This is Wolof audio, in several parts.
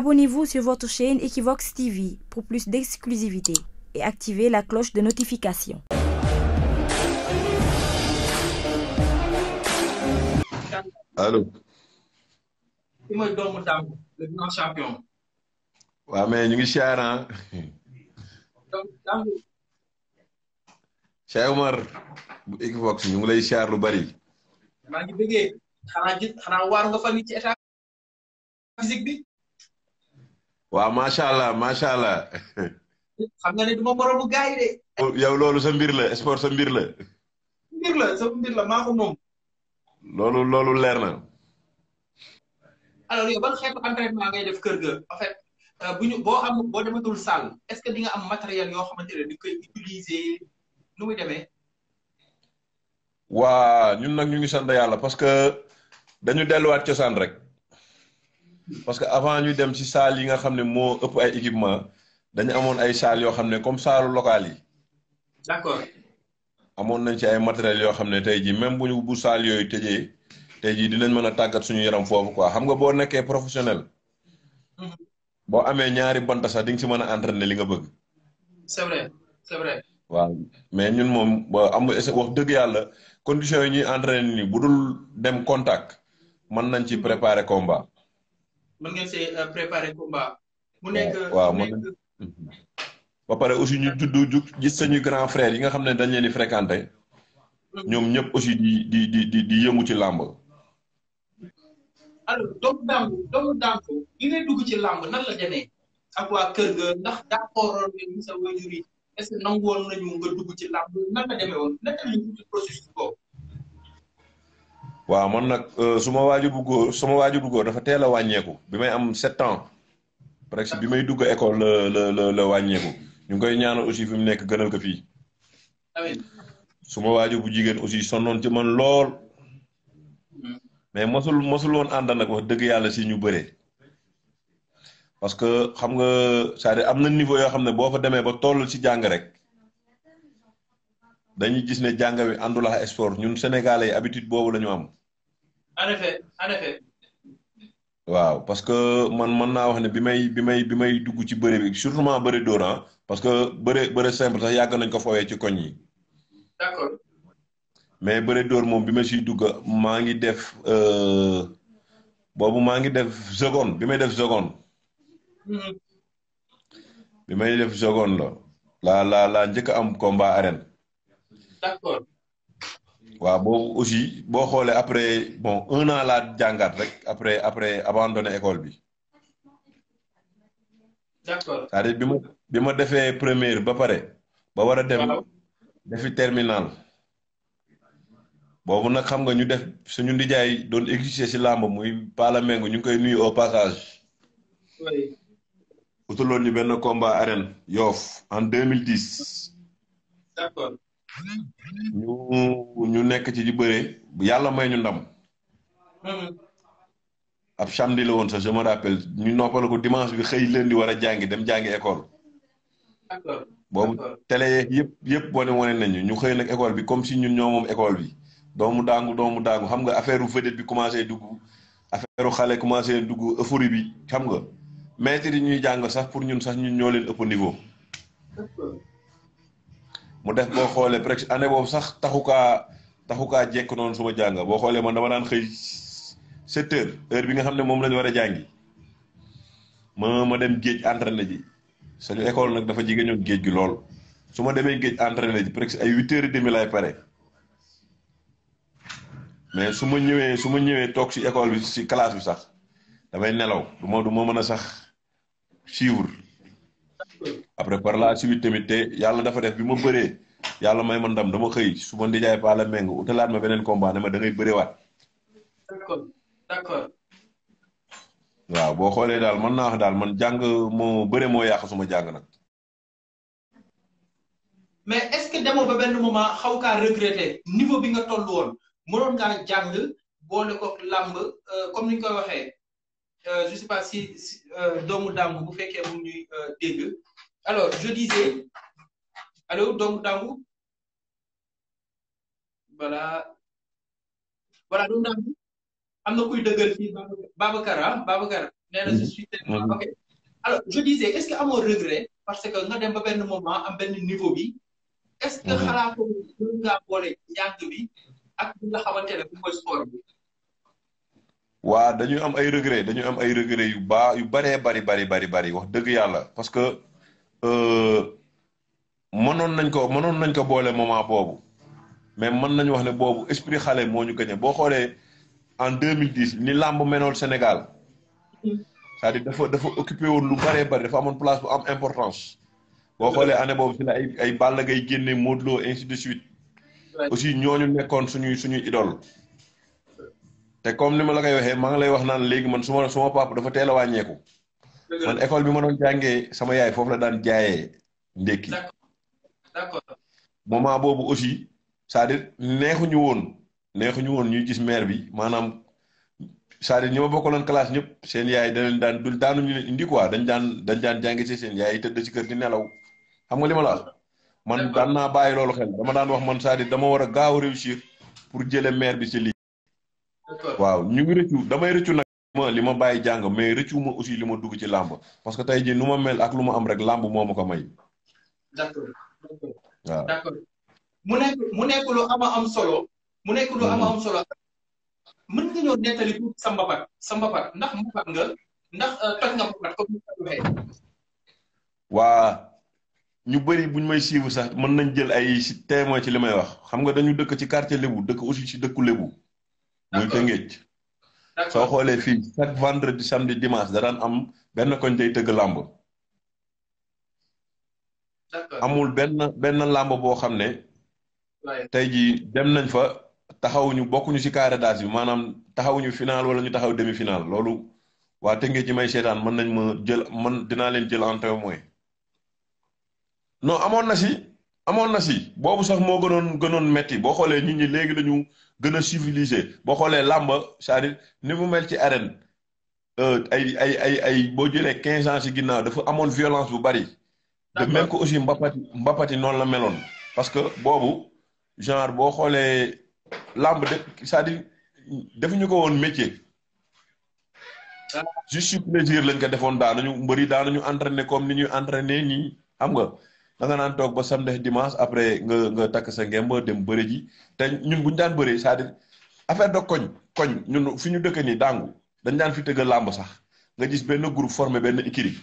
Abonnez-vous sur votre chaîne TV pour plus d'exclusivité et activez la cloche de notification. allo. ki mooy doomu Dangu le grand champion. waaw mais ah. lu bari. waaw macha allah macha allah. xam nga ne du ma moromu de. Oh, yow loolu sa mbir la sport sa mbir la. mbir sa mbir la moom. loolu loolu leer na. alors yow ban xeetu entraînement ngay def kër ga en fait euh, bu ñu boo xam boo dematul salle est-ce que di nga am matériel yoo xamante ne di koy utiliser nu muy demee. waa ñun nag ñu ngi sant yàlla parce que dañu delluwaat cosaan rek. parce que avant ñu dem ci saal yi nga xam ne moo ëpp ay équipement dañu amoon ay saal yoo xam ne comme saalu local yi. d'accord. amoon nañ ci ay matériels yoo xam ne tey jii même bu ñu bu saal yooyu tëjee tey jii dinañ mën a tàggat suñu yaram foofu quoi xam nga boo nekkee professionnel. boo amee ñaari bant sax di nga si mën a entraîner li nga bëgg. c'est vrai c'est vrai. waaw mais ñun moom am wax dëgg yàlla conditions yi ñuy entraîner nii bu dul dem contact mën nañ ci préparer combat. mën ngeen see euh, préparer combat. mu nekk waaw mhm. ba pare aussi ñu judd ju gis sañu grand frère yi nga xam ne dañ leen di fréquenter. ñoom ñëpp aussi di di di di di yëngu ci làmb. alors doomu Danko doomu Danko gi dugg ci làmb nan la ak waa kër ga ndax d'accord woon sa wajur yi est que nangu woon nañu nga dugg ci làmb nan la woon naka la ñu tuuti processus boobu. waaw man nag euh, su ma waaju bu góor suma ma bu góor dafa teel a wàññeeku bi may am sept ans presque bi may dugg école la la la wàññeeku ñu ngi koy ñaanal aussi fi mu nekk gënal ko fii. suma ma bu jigéen aussi sonnoon ci man lool. mais mosul mosul woon ànd nag wax dëgg yàlla si ñu bëree. parce que xam nga cest am na niveau yoo xam ne boo fa demee ba toll ci jàng rek dañuy gis ne jàng wi àndul ak sport ñun sénégalais yi habitude boobu la ñu am. en waaw parce que man mën naa wax ne bi may bi may bi may dugg ci bëre bi surtout maa bëre dóor ah, parce que bëre bëre simple sax yàgg nañ ko fooyee ci koñ yi. mais bëre dóor moom bi ma siy dugg maa ngi def euh, boobu maa ngi def seconde bi may def seconde. Hmm. bi may def seconde la laa njëkk am combat arène. d'accord. waaw boobu aussi boo xoolee après bon un an laa jàngat rek après après abandonné école bi. d'accord cest bi ma bi ma defee première ba pare. ba war a dem defi terminal. boobu nag xam nga ñu def suñu ndijaay doon exister si làmb muy Pala Mengu ñu ngi koy nuyu au passage. oui. utaloon ñu benn combat arène yoof en deux mille dix. nekk ci di bëree yàlla may ñu ndam. Hmm. ab samedi la woon sax je me rappelle ñu noppal ko dimanche bi xëy leen di war a jàngi dem jàngi école. boobu télé yëpp yëpp wane wane nañu ñu xëy nag école bi comme si ñun ñoo moom école bi. doomu daangu doomu daangu xam nga affaire vedette bi commencé dugg affaire xale commencé dugg euphorie bi xam nga maître yi ñuy jàng sax pour ñun sax ñu ñoo leen ëpp niveau. mu def boo xoolee presque année boobu sax taxu kaa taxukaa jekk noonu suma jànga boo xoolee man dama daan xëy sept heures heure bi nga xam ne moom lañu war a jàngi ma ma dem géej entraîné ji suñu école nag dafa jege géej gi lool su ma demee géej entraîné ji presque ay huit heures et demi lay pare mais su ma ñëwee su ma ñëwee toog si école bi si classe bi sax damay nelaw du ma du mën a sax suivre après par la suite tamit te yàlla dafa def bi ma bëree. yàlla may ma ndam dama xëy su ma ndijaay paa la méng utalaat ma beneen combat ma da ngay bëriwaat. d'accord d'accord. waaw boo xoolee daal man naa wax daal man jàng moo bëre moo yàq suma jàng nag. mais est que demoo ba benn moment xaw kaa regretté niveau bi nga toll woon mënoon ngaa jàng boole ko làmb euh, ni ñu koy waxee euh, je si euh, doomu dàmb bu fekkee mu ñuy dégg alors je disais. allo doomu dàngu voilà voilà doomu dàngu am na kuy dëggal fii Babacar ah Babacar nee na je suis tellement ok alors je disais regret parce que nga dem ba benn moment am benn niveau bi est que xalaatoo mën ngaa boole njàng bi ak li nga xamante ne mooy sport bi waa dañuy am ay regret dañuy am ay regret yu baa yu baree bari bari bari bari wax dëgg yàlla parce que euh, mënoon nañ ko mënoon nañ ko boole moment boobu mais mën nañu wax ne boobu esprit xale moo ñu gagné boo xoolee en 2010 ni làmb menoon Sénégal c'est-à-dire dafa dafa occupé woon lu bëree bëri dafa amoon place bu am importance boo xoolee année boobu si la ay ay Balla Gaye génne Modou Lo ainsi de suite aussi ñooñu nekkoon suñuy suñuy idole te comme ni ma la koy waxee maa ngi lay wax naan léegi man suma suma papa dafa teel a wàññeeku man école bi ma doon jàngee sama yaay foofu la daan jaayee ndékki d'accord moment boobu aussi c'est-à-dire neexuñu woon neexuñu woon ñu gis maire bi maanaam cest ñu dire bokk ma bokkaloon classe ñëpp seen yaay danañ daan dul daanuñu leen indi dañ daan dañ daan jàngi si seen yaay tëdd ci kër di nelaw xam nga li ma la wax man daan naa bàyyi loolu xel dama daan wax man cest dama war a gaaw réussir pour jële maire bi si lii waaw ñu ngi rëccu damay rëccu nag ma li ma bàyyi jàng mais rëccu ma aussi li ma dugg ci làmb parce que tey jii nu ma mel ak lu ma am rek làmb moo ma ko may waaw d'accord mu nekk mu solo. mu nekk lu mm-hmm. nga ñëw euh, waa ñu bëri buñ may suivre sax mën nañ jël ay si ci li may wax xam nga dañu dëkk ci quartier Lébu dëkk aussi ci dëkku Lébu. muy Tëngéej. soo xoolee fii chaque vendredi samedi dimanche da am benn koñ day tëgg làmb. amul benn benn làmb boo xam ne. tey jii dem nañ fa taxawuñu bokkuñu si carré d'as bi maanaam taxawuñu final wala ñu taxaw demi final loolu waa Tëngéej ji may seetaan mën nañ ma jël man dinaa leen jël en témoin non amoon na si amoon na si boobu sax moo gënoon gënoon metti boo xoolee nit ñi léegi dañu gën a civilisé boo xoolee làmba cest dire ni mu mel ci arène euh, ay ay ay ay boo jëlee quinze ans si ginnaaw dafa amoon violence bu bari de même que aussi Mbapati Mbapati noonu la meloon parce que boobu genre boo xoolee làmb de c'est-à-dire defuñu ko woon métier. Ah. juste su plaisir lañ ko defoon daanañu mbëri daanañu entraîner comme ni ñuy entraîner nii xam nga da nga naan toog ba samedi dimanche après nga nga takk sa ngemb dem bëre ji te ñun bu ñu daan bëree c'est-à-dire koñ koñ ñun fi ñu dëkk nii dàngu dañ daan fi tëgg làmb sax nga gis benn groupe formé benn écurie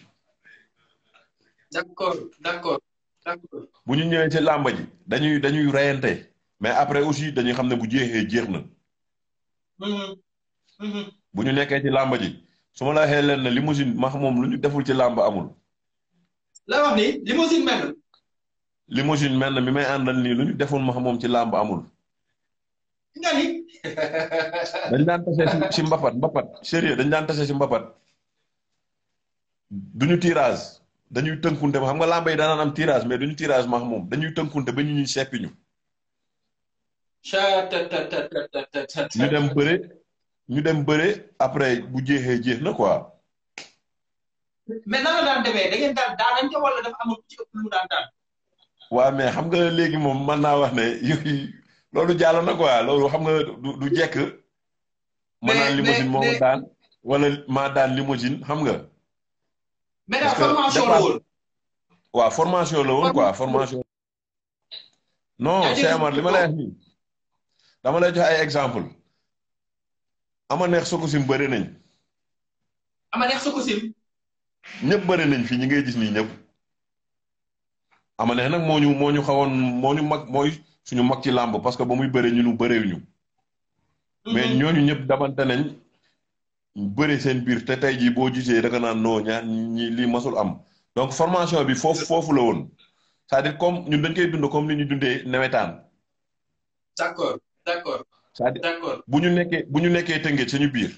d'accord d'accord d'accord bu ñu ñëwee ci làmba dañuy dañuy reyante mais après aussi dañuy xam ne bu jeexee jeex na. Mm-hmm, mm-hmm. bu ñu nekkee ci làmba ji su ma la waxee leen ne limousine max moom lu ñu deful ci làmba amul. la wax ni limousine mel. limousine mel na mi may àndal nii lu ñu deful max moom ci làmb amul. dañ daan tase si mbapat mbapat sérieux dañ daan tase si mbapat duñu tirage. dañuy tënkunte ba xam nga làmba yi daanaan am tirage mais duñu tirage maax moom dañuy tënkunte ba ñu ñuy seppi ñu. ñu dem bëre ñu dem bëre après bu jeexee jeex na quoi. mais mais xam nga léegi moom mën naa wax ne yooyu loolu jàll na quoi loolu xam nga du du jekk. mais mais mën naa limousine moom daan wala maa daan limousine xam nga. mais formation la woon. waaw formation la woon non Cheikh Amar li ma lay wax nii dama lay jox ay exemple ama neex sokosim bëri nañ. ama neex ñëpp bëri nañ fii ñi ngay gis nii ñëpp. ama neex nag moo ñu moo ñu xawoon moo ñu mag mooy suñu mag ci làmb parce que ba muy bëri ñu nu bëreew ñu. mais mm-hmm. ñooñu ñëpp dabante nañ. bëri seen biir te tey jii boo gisee da naan noo ñaar ñi lii masul am donc formation bi foofu foofu la woon cest à comme ñu dañ koy dund comme ni ñu dundee nawetaan. d'accord bu ñu nekkee bu ñu nekkee tënkee suñu biir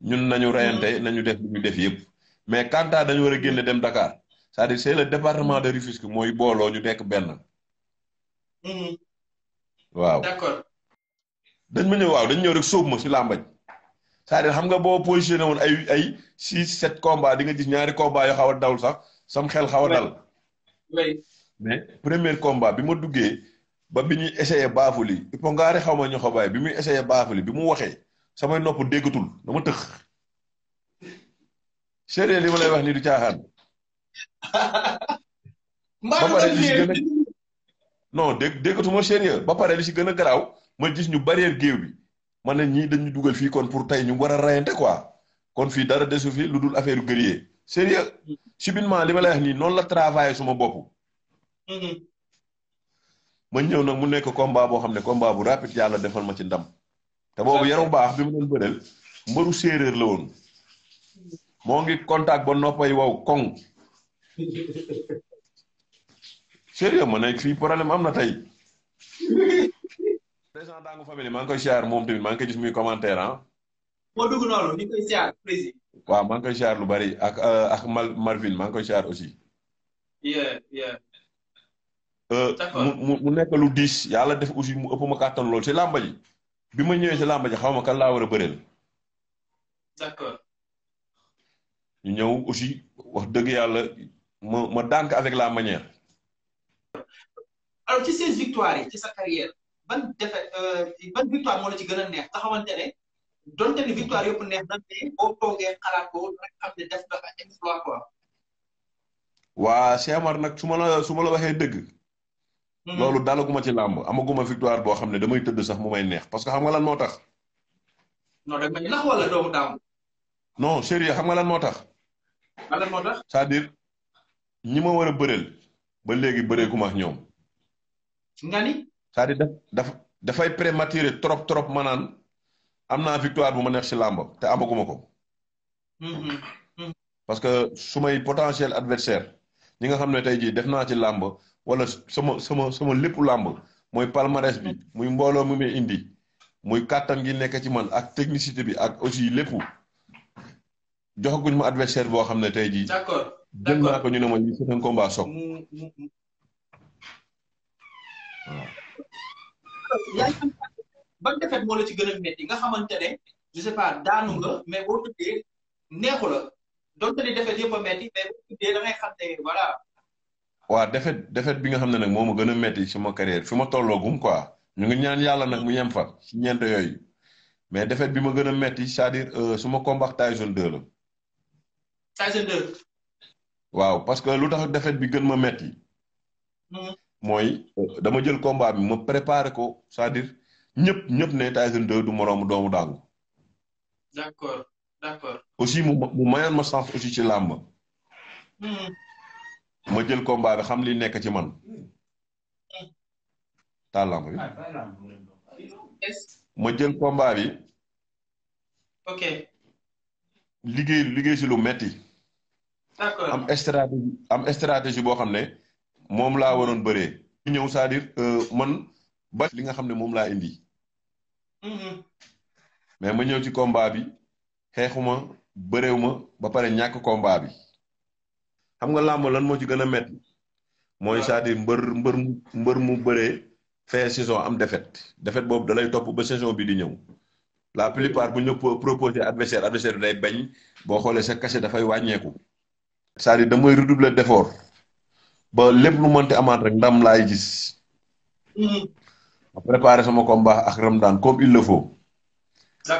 ñun nañu reyante mm-hmm. nañu def ñu def yëpp mais Kanta dañu war a génne dem Dakar cest à c'est le département de Rufisque mooy booloo ñu nekk benn. Mm-hmm. waaw d'accord. dañ ma ñëw waaw dañ ñëw rek sóob ma si làmbaj cest à xam nga boo positionné woon ay ay six sept di nga gis ñaari combats yoo xaw a dawul sax sam xel xaw a dal mais premier combat bi ma duggee ba bi ñuy essayé baafuli ipongaari xaw ma ñu xobaay bi muy essayé baafuli bi mu waxee samay nopp déggatul dama tëx sérieux li ma lay wax nii du caaxaan ba non dégg déggatuma sérieux ba pare li si gën a garaaw ma gis ñu barrière géew bi man ne ñii dañu dugal fii kon pour tey ñu war a rayante quoi kon fii dara desu fi lu dul affaire guerrier sérieux subitement li ma lay wax nii noonu la travaillé suma bopp mm-hmm. ma ñëw nag mu nekk combat boo xam ne combat bu rapide yàlla defal ma ci ndam te boobu yaru baax bi mu doon bëreel mbëru séeréer la woon moo ngi contact ba noppay wow koŋ sérieux ma nekk fii problème am na tey président Dangu Family maa koy siyaar moom tamit maa koy ah. moo dugg noonu ñu koy siyaar président. waaw maa ngi koy siyaar lu bari ak euh, ak Marvin maa ngi koy siyaar aussi. yeah yeah. Euh, mu mu nekk lu diis yàlla def aussi mu ëpp ma kàttan lool si làmba bi ma ñëwee si làmba ji xaw ma kan laa war a bëreel. d'accord. ñëw aussi wax dëgg yàlla ma ma dànk avec la manière. ci seen victoire yi ci sa carrière. ban défaite euh, ban victoire moo la ci gën a neex nga xamante ne donte ni victoire yëpp neex na mais boo toogee xalaat ko waa Cheikh nag su ma la su ma la waxee dëgg. Hmm. loolu dalaguma ci làmb amaguma victoire boo xam ne damay tëdd sax mu may neex parce que xam nga lan moo tax. non da nga ñu nax moo tax. lan moo tax. dire ñi ma war a bëreel ba léegi bëreeku ma ñoom. nga c'est-à-dire daf dafay prématuré trop trop ma naan am naa victoire bu ma neex si làmb te amaguma ko. Mm-hmm. Mm-hmm. parce que su may potentiel adversaire ñi nga xam ne tey jii def naa ci làmb wala sama sama sama lépp làmb mooy palmarès bi mm-hmm. muy mbooloo mu may indi muy kàttan gi nekk ci man ak technicité bi ak aussi lépp joxaguñ ma adversaire boo xam ne tey jii. d'accord jël naa ko ñu ne ma lii c'est un combat yaay am defet moo la ci gën a métti nga xamante ne je sais daanu nga mais boo tuddee neexu la donte defet yëpp a métti mais boo tuddee da ngay xam ne defet defet bi nga xam ne nag moom ma gën a métti suma carrière fi ma tolloogum quoi ñu ngi ñaan yàlla nag mu yem fa si ñeent yooyu mais defet bi ma gën a metti cest à euh, suma combat Tyson 2 la. Tyson waaw parce que lu tax defet bi gën ma métti. Hmm. mooy dama jël combat bi ma préparé ko c'est-à-dire ñëpp ñëpp ne Tyson 2 du moroomu doomu daangu. d'accord d'accord. aussi mu mu mayoon ma sens aussi ci làmb. Hmm. ma jël combat bi xam li nekk ci man. taal làmb ma jël combat bi. ok. liggéey liggéey si lu metti d'accord am stratégie stratégie boo xam ne. moom laa waroon bëree. ñu ñëw c'est-à-dire euh, man ba li nga xam ne moom laa indi. Mm-hmm. mais ma ñëw ci combat bi xeexuma bëreew ma ba pare ñàkk combat bi. xam nga làmb lan moo ci gën a métti. mooy cest mbër mbër mu mbër mu bëree. fin saison am défaite défaite boobu dalay topp ba saison bi di ñëw. la plupart bu ñu proposé adversaire adversaire bi day bañ boo xoolee sa cachet dafay wàññeeku. c'est-à-dire damay redoubler d'effort. ba lépp lu mënti amaat rek ndam laay gis. Mm-hmm. ma préparé sama combat ak daan comme il le faut.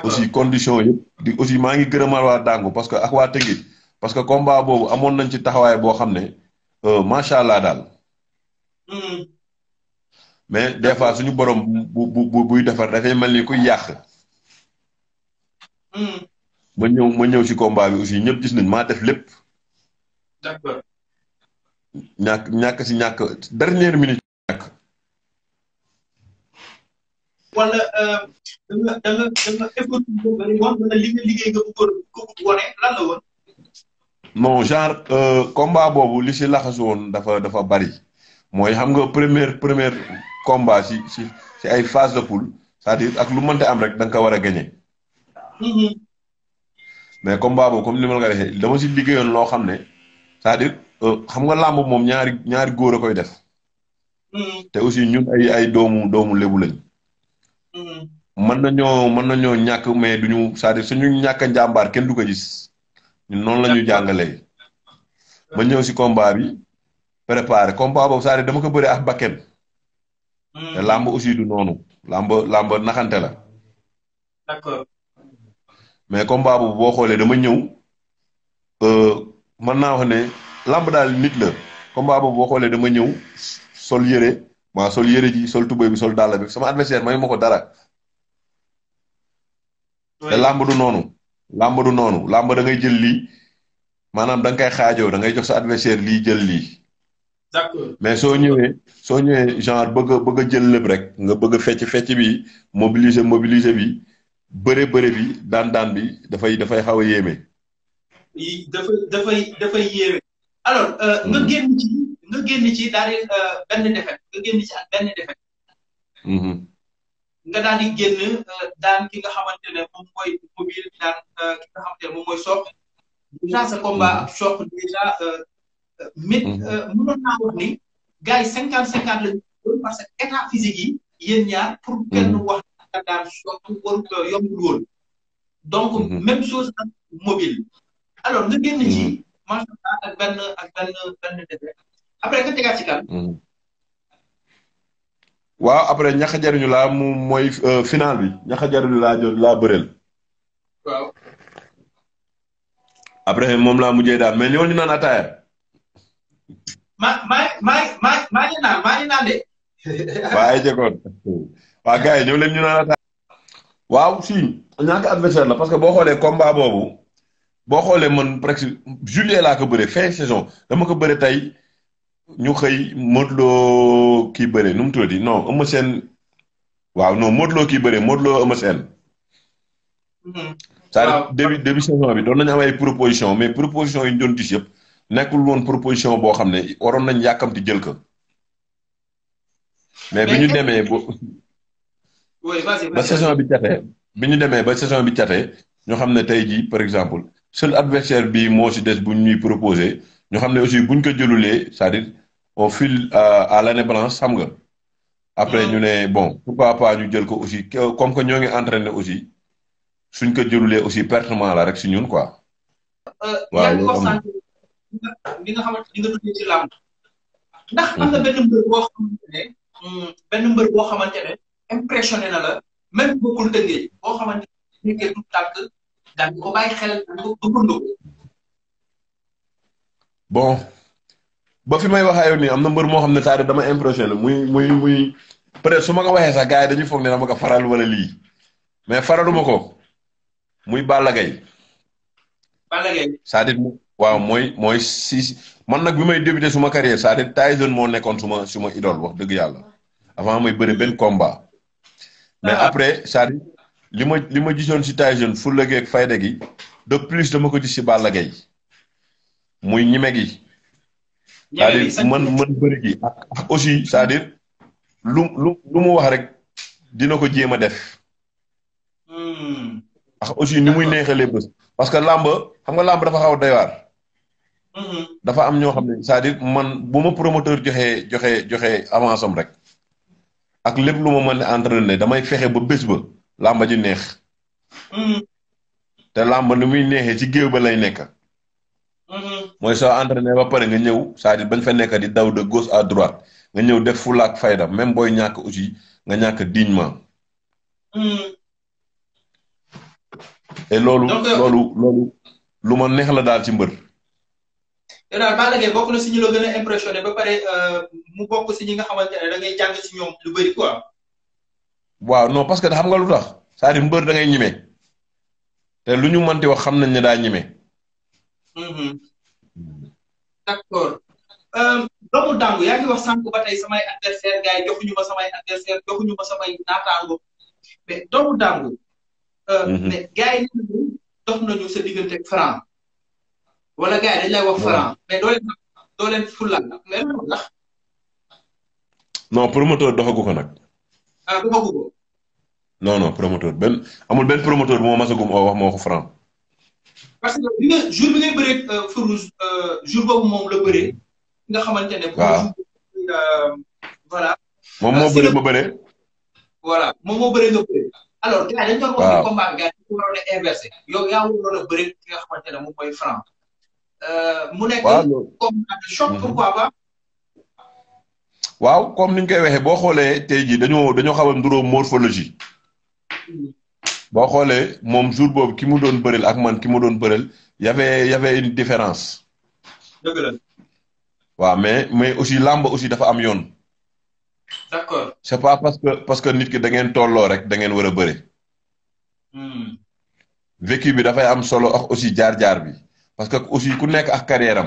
aussi condition yëpp di aussi maa ngi gërëmal waa Dangu parce que ak waa Tëngéej parce que combat boobu amoon nañ ci taxawaay boo xam ne euh, macha allah daal. Mm-hmm. mais des fois suñu borom bu bu buy defar dafay mel ni kuy yàq. Mm-hmm. ma ñëw ma ñëw ci combat bi aussi ñëpp gis nañ maa def lépp. d'accord ñàkk ñàkk si ñàkk dernière minute ñàkk. wala da nga da boobu rek wax li nga liggéey woon. dafa dafa bari mooy xam nga première première combat si si ay phase de poule cest ak lu mënte am rek da nga war a gagné. Mm-hmm. mais combat boobu comme ni ma la ko dama si liggéeyoon loo xam ne cest Euh, xam nga làmb moom ñaari ñaari góor a koy def. Mm-hmm. te aussi ñun ay ay doomu doomu lébu lañ. Mm-hmm. mën nañoo mën nañoo ñàkk mais duñu c'est-à-dire suñu ñàkk a njàmbaar kenn du ko ñun noonu la ñu jàngalee. ma mm-hmm. ñëw si combat bi préparé combat boobu cest dama ko bëri ak bakkan. te làmb aussi du noonu làmb làmb naxante la. d'accord. mais combat boobu boo xoolee dama ñëw euh, mën naa wax ne. làmb daal nit la combat boobu boo xoolee dama ñëw sol yére maa sol yére ji sol tubéy bi sol dàll bi sama adversaire may ma ko dara. te làmb du noonu. làmb du noonu làmb da ngay jël lii maanaam da nga koy xaajoo da ngay jox sa adversaire lii jël lii. mais soo ñëwee soo ñëwee genre bëgg bëgg a jël lépp rek nga bëgg fecc fecc bi mobiliser mobiliser bi bëre bëre bi daan daan bi dafay dafay xaw a yéeme. dafay dafay dafay yéeme. alors euh, nga hmm. génn ci nga génn ci daal di euh, benn nga génn ci ak benn hmm. nga daal euh, nga xamante ne moom mooy mobile ki nga xamante ne moom mooy sa hmm. combat ak soq mit mënoon naa wax ni cinquante cinquante lañu doon parce que état physique yi yéen ñaar pour kenn wax nga daan soq waru yombul woon donc même chose mobile alors nga génn ci macha allah ak benn ak benn après nga tegaat ci kan. après ñaxa jariñu laa moom euh, final bi ñaxa la laa jot laa bëreel. après moom laa mujjee daal mais ñooñu naan ataaya. ma ma ma ma maa ngi naan maa ngi yi ñoo leen ñu naan ataaya. waaw si ñàkk adversaire la parce que boo xoolee combat boobu. boo xoolee man presque juillet laa ko bëree fin saison dama ko bëri tey ñu xëy Modou Lo kii bëree nu mu tuddati non Eumeu Sène waaw non Modou Lo kii bëree Modou Lo Eumeu Sène. Hmm. cest à saison bi doon nañu am ay proposition mais proposition yi ñu doon gis yëpp woon proposition boo xam ne waroon nañ yàkkamti jël ko. mais bi ñu demee ba. saison bi cate bi ñu demee ba saison bi cate ñu xam ne tey jii par exemple seul adversaire bi moo si des bu ñuy proposé ñu xam ne aussi buñ ko jëlulee c'est-à-dire au fil euh, à l'année blanche xam nga. après ñu mm. ne bon pourquoi pas ñu jël ko aussi comme que ñoo ngi entraîné aussi suñ ko jëlulee aussi pertement la rek si ñun quoi. Euh, waaw loolu ndax am mm-hmm. benn mbër boo xamante ne hmm, benn mbër boo xamante ne impressionné na la même bokkul tëngee boo xamante daan ko bàyyi bon ba fi may waxaa yow nii am na mbër moo xam ne taari dama impressionné muy muy muy peut-être su ma ko waxee sax gars yi dañuy foog ne dama ko faral wala lii mais faraluma ko muy Balla Gaye. Balla Gaye waaw mooy mooy si man nag bi may débuté suma carrière c'est-à-dire Tyson moo nekkoon suma suma idole wax dëgg yàlla avant may bëri benn combat mais ah. après li ma li ma gisoon si Tyson fulla gi ak fayda gi de plus dama ko gis si Balla Gaye muy ñime gi man à dire bëri gi ak aussi c'est-à-dire lu lu lu mu wax rek dina ko jéem a def hmm. ak aussi ni muy neexalee bés parce que làmb xam nga làmb dafa xaw a doy hmm. dafa am ñooxam xam ne cest man bu ma promoteur joxee joxe joxe avance am rek ak lépp lu ma mën a entraîné damay fexe ba bés ba làmba ji neex. Mm-hmm. te làmba ni muy neexee ci géew ba lay nekk. Mm-hmm. mooy soo entraîné ba pare nga ñëw c'est-à-dire bañ fa nekk di daw de gauche à droite nga ñëw def fulla ak fayda même booy ñàkk aussi nga ñàkk dignement mm-hmm. et loolu euh, loolu loolu lu ma neex la daal ci mbër. yow daal Balla Gaye bokk na si ñu la gën a impressionné ba pare euh, mu bokk si ñi nga xamante ne da jàng si ñoom lu bëri quoi. waaw non parce que xam nga lu tax c'est-à-dire mbër ñime te lu ñu mënti wax xam nañ ne daa ñime. Mm-hmm. d'accord euh, doomu dàngu yaa ngi wax sànq ba tey samay adversaire gars yi joxuñu ma samay adversaire joxuñu ma samay naataango mais doomu dàngu. Euh, mm-hmm. mais gars yi dox nañu sa diggante ak wala gars yi dañ lay wax Franc mais doo leen doo leen fulal mais loolu la. nag. Ah, non non promoteur benn amul benn promoteur bu ma a gum oo wax ma waxu franc. parce que bi nga jour bi ngay bëree euh, euh, jour boobu moom la bëree. nga xamante ne. waaw euh, voilà. moo bëree ma bëree. voilà moom moo bëree nga bëree. alors gars dañu doon wax ne combat bi inversé yow yaa waroon a ki nga xamante ne moom franc. mu nekk combat choc mhm. pourquoi pas. waaw comme niñ koy waxee boo xoolee tey jii dañoo dañoo xaw a nduróo morphologie boo xoolee moom jour boobu ki mu doon bëreel ak man ki mu doon bëreel y avait y différence. dëgg la. waaw mais mais aussi làmb aussi dafa am yoon. d'accord c'est pas parce que parce que nit ki da ngeen tolloo rek da ngeen war a bëre. Hmm. vécu bi dafay am solo aussi jaar-jaar bi parce que aussi ku nekk ak carrière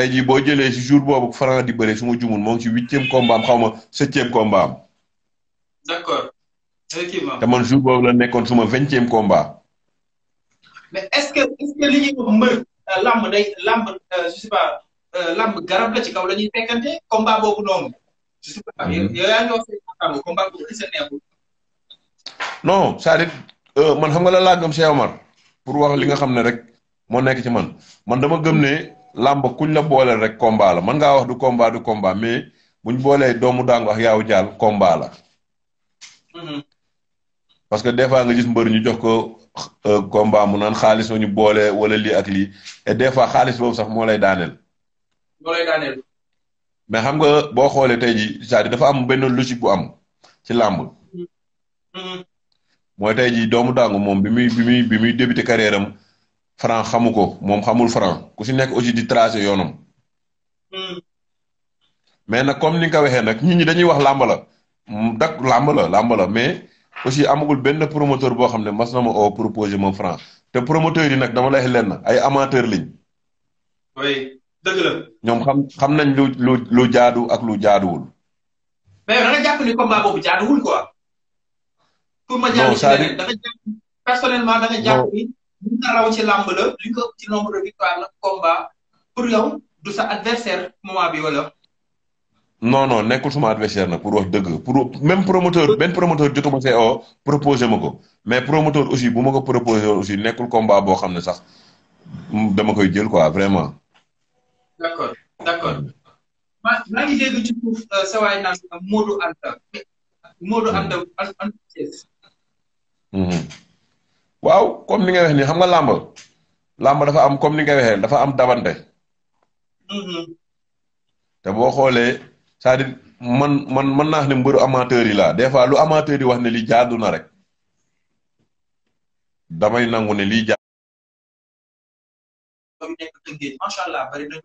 tey jii boo jëlee si jour boobu Franc di bëre su ma jumul moo ngi ci huitième combat am xaw ma septième combat am. te man jour boobu la nekkoon suma vingtième combat. mais est-ce que li ñuy euh, làmb day làmb euh, je euh, la ci fekkante combat boobu noonu. Mm-hmm. non cest à man xam nga la laa gëm pour wax li nga xam ne rek moo nekk ci man man dama gëm ne. làmb kuñ la boolel rek combat la mën ngaa wax du combat du combat mais buñ boolee doomu daangu ak yaawu jaal combat la. Mm-hmm. parce que des fois nga gis mbër ñu jox ko euh, combat mu naan xaalis ñu boole wala lii ak lii et des fois xaalis boobu sax moo lay daaneel. moo mais xam nga boo xoolee tey jii cest dafa am benn logique bu am ci làmb. Mm-hmm. Mm-hmm. mooy tey jii doomu daangu moom bi muy bi muy bi muy débuté carrière am Franc xamu ko moom xamul Franc ku si nekk aussi di trase yoonam. Hmm. mais nag comme ni nga ko waxee nag nit ñi dañuy wax làmb la hmm, dak làmb la làmb mais aussi amagul benn promoteur boo xam ne mas na ma oo proposé ma Franc te promoteur yi nag dama lay leen ay amateur lañ. oui dëgg ñoom xam nañ lu lu jaadu ak lu jaaduwul. mais da nga jàpp ni combat boobu jaaduwul quoi. pour ma jàll ci li nga raw ci làmb la li nga ci nombre de victoire la du sa adversaire moment bi wala. non nekkul suma adversaire na pour wax dëgg pour même promoteur benn promoteur jotuma see oo proposé ma ko mais promoteur aussi bu ma ko proposé aussi nekkul combat boo xam ne sax dama koy jël quoi vraiment. d' accord d' accord maa maa ngi dégg ci suuf euh, sa waay naan Modou Anta Modou Anta mm-hmm. Anta Thiès. Mm-hmm. waaw comme ni nga wax ni xam nga làmb làmb dafa am comme ni nga waxee dafa am dabante. Mm-hmm. te boo xoolee cest à man man mën naa wax ne mbëru amateur yi laa des fois lu amateur yi wax ne lii jaadu na rek damay nangu ne lii jaadu. ba mu allah bari na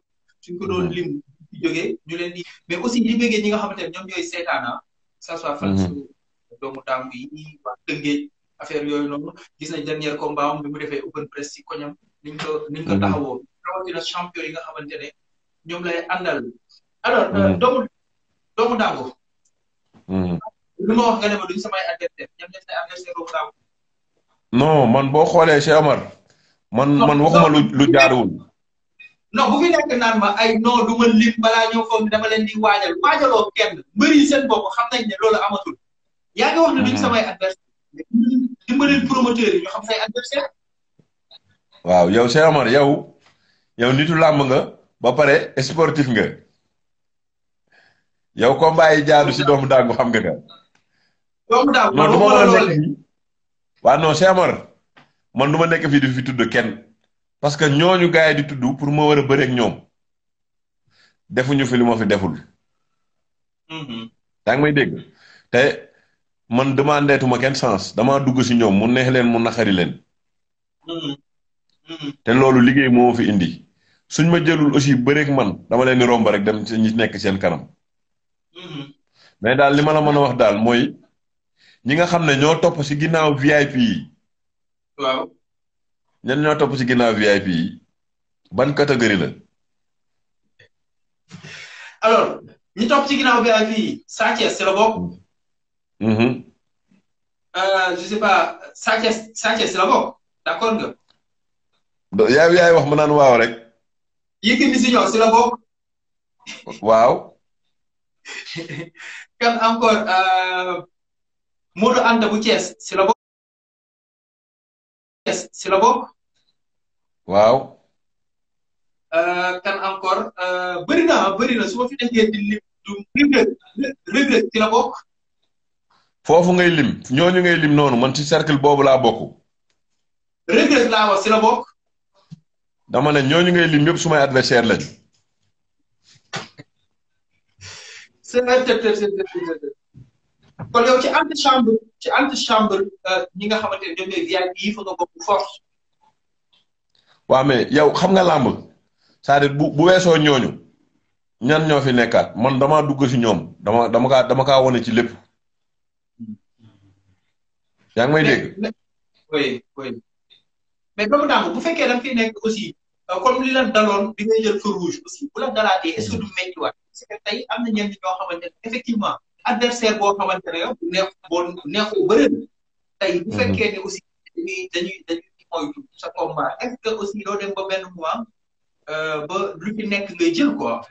suñ ko doon mm-hmm. lim di jógee ñu leen di mais aussi di bëggee ñi nga xamante ne ñoom ñooy seetaana. Ah, que ça soit fan. Mm-hmm. doomu tàngu yi waa affaire yooyu noonu gis nañ dernier combat am mu defee open press koñam niñ ko niñ ko mm-hmm. taxawoo rawatina yi nga xamante ñoom lay àndal alors euh, mm-hmm. doomu doomu dàngu mm-hmm. lu ma wax nga ne ma duñ man boo xoolee Cheikh Amar man man waxuma lu lu jaaruwul non bu fi nekk naan ma ay non du ma lim balaa ñoo dama leen di waajal waajaloo kenn mbëri seen bopp xam loolu amatul yaa ngi wax ne duñ samay adversaire dimbalil waaw yow Cheikh Omar yow yow nitu làmb nga ba pare sportif nga yow combat yi jaadu si doomu daangu xam nga ka doomu daangu non man du ma nekk fii di fi tudd kenn parce que ñooñu gars yi di tudd pour ma war a bëreeg ñoom defuñu fi li ma fi deful mm-hmm. yaa ngi may dégg te man demandeetuma kenn sens damaa dugg si ñoom mu neex leen mu naxari leen. Hmm. Hmm. te loolu liggéey moo fi indi suñ ma jëlul aussi bëreeg man dama leen di romb rek dem ci ñi nekk seen kanam. Hmm. mais daal li ma la mën a wax daal mooy ñi nga xam ne ñoo topp si ginnaaw VIP yi. waaw. ñoo topp si ginnaaw VIP yi ban catégorie la. alors ñi topp ci ginnaaw VIP yi Sa Thiès la bokk. Mm-hmm. Euh, je sais pas Sa Thiès Sa Thiès la bokk d'accord nga. yaay wax ma naan waaw rek. Yékini Junior si la bokk. waaw. kan encore euh, Modou Anta bu Thiès si la bokk. Thiès euh, kan encore bëri na bëri na fi nekkee di lim du foofu ngay lim ñooñu ngay lim noonu man ci cercle boobu laa bokk. regret laa wax si bokk. dama ne ngay lim yëpp sumay adversaire lañ. ci antichambre ci antichambre euh, ñi nga xamante ne ñoom ñooy VIP yi fa nga bokk force. waaw mais yow xam nga làmb cest bu bu weesoo ñooñu ñan ñoo fi nekkaat man dama dugg si ñoom dama dama kaa dama kaa wane ci lépp. yaa ngi may dégg. oui oui mais doomu bu fekkee da nga fi nekk aussi comme li la daloon bi ngay jël feu bu la dalaatee est-ce que du méttiwaat parce xamante ne effectivement adversaire boo xamante ne yow bu neex boo est-ce aussi doo dem ba benn mois ba lu fi nekk ngay jël quoi.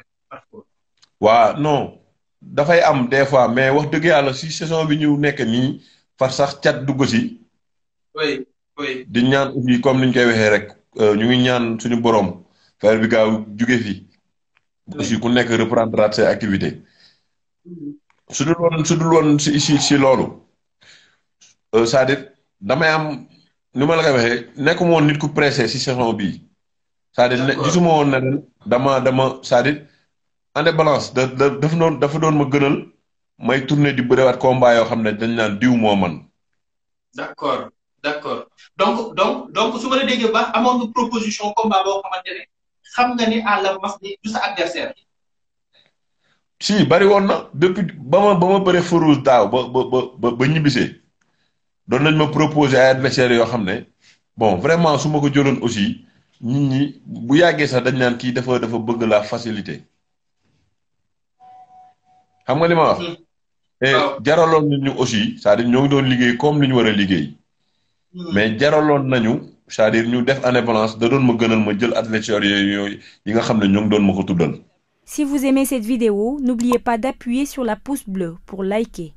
waaw non dafay am des fois mais wax dëgg yàlla si saison bi ñu nekk nii. far sax cat dugg si. di ñaan aussi comme ni ñu koy waxee rek euh, ñu ngi ñaan suñu borom feer bi gaaw juge fi. aussi ku nekk reprendre se activités. Mm-hmm. su woon su dul woon si si si loolu. Euh, c'est-à-dire damay am ni ma la koy waxee nekkuma woon nit ku pressé si saison bii. c'est-à-dire ne gisuma woon ne dama dama c'est-à-dire en balance da dafa doon doon ma gënal. may tourné di bëriwaat combat yoo xam ne dañ naan diw moo man d' accord d' accord donc donc donc su ma déggee baax amoon nga proposition combat boo xamante ne xam nga ni àlla mas ni du sa adversaire si bari woon na depuis ba ma ba ma bëre daaw ba ba ba ñibbisee doon nañ ma proposer ay adversaires yoo xam ne bon vraiment su ma ko jëloon aussi nit ñi bu yàggee sax dañ naan kii dafa dafa bëgg la facilité xam nga li ma wax. Hmm. jaraloon ñu aussi cest ñoo ngi doon liggéey comme li ñu war a liggéey. Hmm. mais jaraloon na ñu à dire ñu def indépendance da doon ma gënal ma jël athlètes yooyu yi nga xam ne ñoo ngi doon ma ko tuddal. Si vous aimez cette vidéo, n'oubliez pas d'appuyer sur la pouce bleue pour liker.